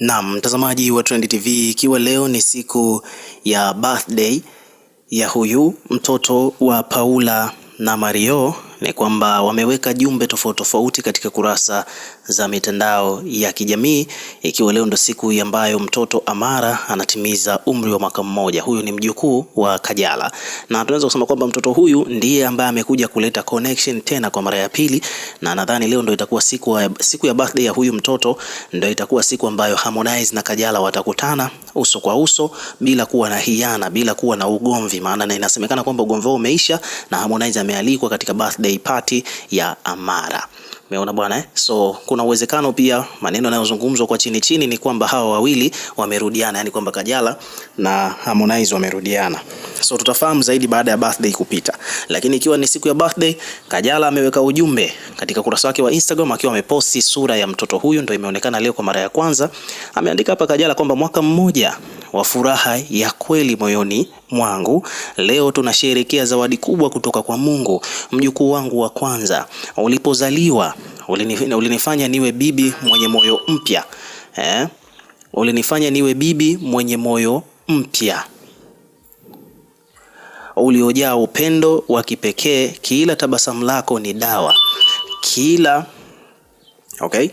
Na mtazamaji wa Trend TV, ikiwa leo ni siku ya birthday ya huyu mtoto wa Paula na Mario ni kwamba wameweka jumbe tofauti tofauti katika kurasa za mitandao ya kijamii, ikiwa leo ndo siku ambayo mtoto Amara anatimiza umri wa mwaka mmoja. Huyu ni mjukuu wa Kajala, na tunaweza kusema kwamba mtoto huyu ndiye ambaye amekuja kuleta connection tena kwa mara ya pili, na nadhani leo ndo itakuwa siku ya, siku ya birthday ya huyu mtoto, ndo itakuwa siku ambayo Harmonize na Kajala watakutana uso kwa uso bila kuwa na hiana, bila kuwa na ugomvi, maana inasemekana kwamba ugomvi wao umeisha na Harmonize amealikwa katika birthday birthday party ya Amara. Umeona bwana eh? So kuna uwezekano pia maneno yanayozungumzwa kwa chini chini ni kwamba hawa wawili wamerudiana, yani kwamba Kajala na Harmonize wamerudiana. So tutafahamu zaidi baada ya birthday kupita. Lakini ikiwa ni siku ya birthday, Kajala ameweka ujumbe katika kurasa wake wa Instagram akiwa ameposti sura ya mtoto huyu, ndio imeonekana leo kwa mara ya kwanza. Ameandika hapa Kajala kwamba mwaka mmoja wa furaha ya kweli moyoni mwangu. Leo tunasherehekea zawadi kubwa kutoka kwa Mungu. Mjukuu wangu wa kwanza, ulipozaliwa ulinifanya niwe bibi mwenye moyo mpya eh? Ulinifanya niwe bibi mwenye moyo mpya uliojaa upendo wa kipekee. Kila tabasamu lako ni dawa, kila okay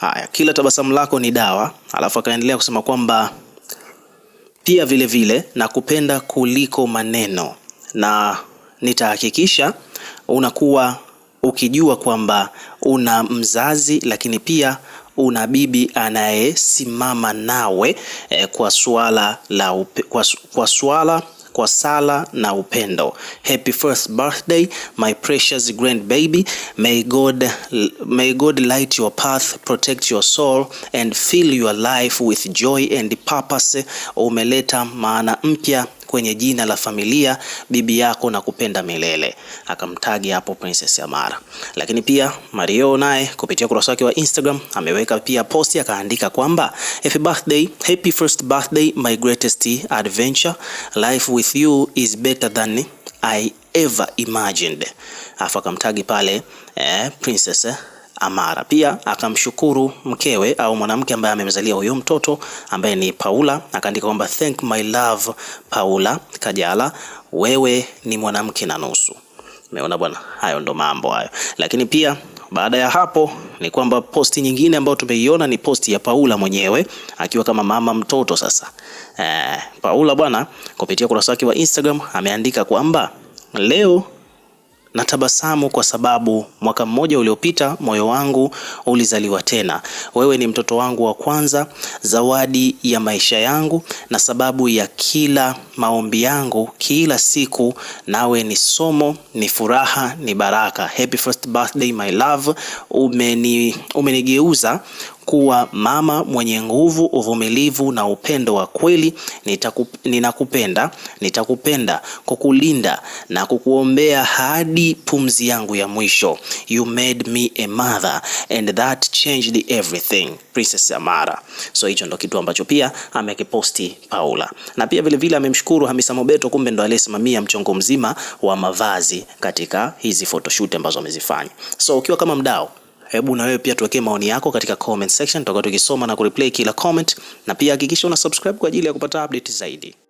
Haya, kila tabasamu lako ni dawa. Alafu akaendelea kusema kwamba pia vile vile nakupenda kuliko maneno na nitahakikisha unakuwa ukijua kwamba una mzazi lakini pia una bibi anayesimama nawe eh, kwa swala la upe, kwa, kwa swala kwa sala na upendo. Happy first birthday my precious grand baby. May God, may God light your path, protect your soul and fill your life with joy and purpose. Umeleta maana mpya kwenye jina la familia bibi yako na kupenda milele, akamtagi hapo Princess Amara. Lakini pia Mario naye kupitia ukurasa wake wa Instagram ameweka pia posti akaandika kwamba happy birthday, happy first birthday, my greatest adventure, life with you is better than I ever imagined. Afu akamtagi pale eh, Princess eh, Amara. Pia akamshukuru mkewe au mwanamke ambaye amemzalia huyo mtoto ambaye ni Paula, akaandika kwamba thank my love Paula Kajala, wewe ni mwanamke na nusu. Umeona bwana, hayo ndo mambo hayo. Lakini pia baada ya hapo ni kwamba posti nyingine ambayo tumeiona ni posti ya Paula mwenyewe akiwa kama mama mtoto sasa. Eh, Paula bwana kupitia ukurasa wake wa Instagram ameandika kwamba leo Natabasamu kwa sababu mwaka mmoja uliopita moyo wangu ulizaliwa tena. Wewe ni mtoto wangu wa kwanza, zawadi ya maisha yangu na sababu ya kila maombi yangu kila siku. Nawe ni somo, ni furaha, ni baraka. Happy first birthday my love. Umeni, umenigeuza kuwa mama mwenye nguvu, uvumilivu na upendo wa kweli. ninakupenda, nitakupenda, kukulinda na kukuombea hadi pumzi yangu ya mwisho. You made me a mother and that changed everything. Princess Amara. So hicho ndo kitu ambacho pia amekiposti Paula, na pia vilevile amemshukuru Hamisa Mobeto, kumbe ndo aliyesimamia mchongo mzima wa mavazi katika hizi photoshoot ambazo amezifanya. So ukiwa kama mdau Hebu na wewe pia tuwekee maoni yako katika comment section, tutakuwa tukisoma na kureplay kila comment, na pia hakikisha una subscribe kwa ajili ya kupata update zaidi.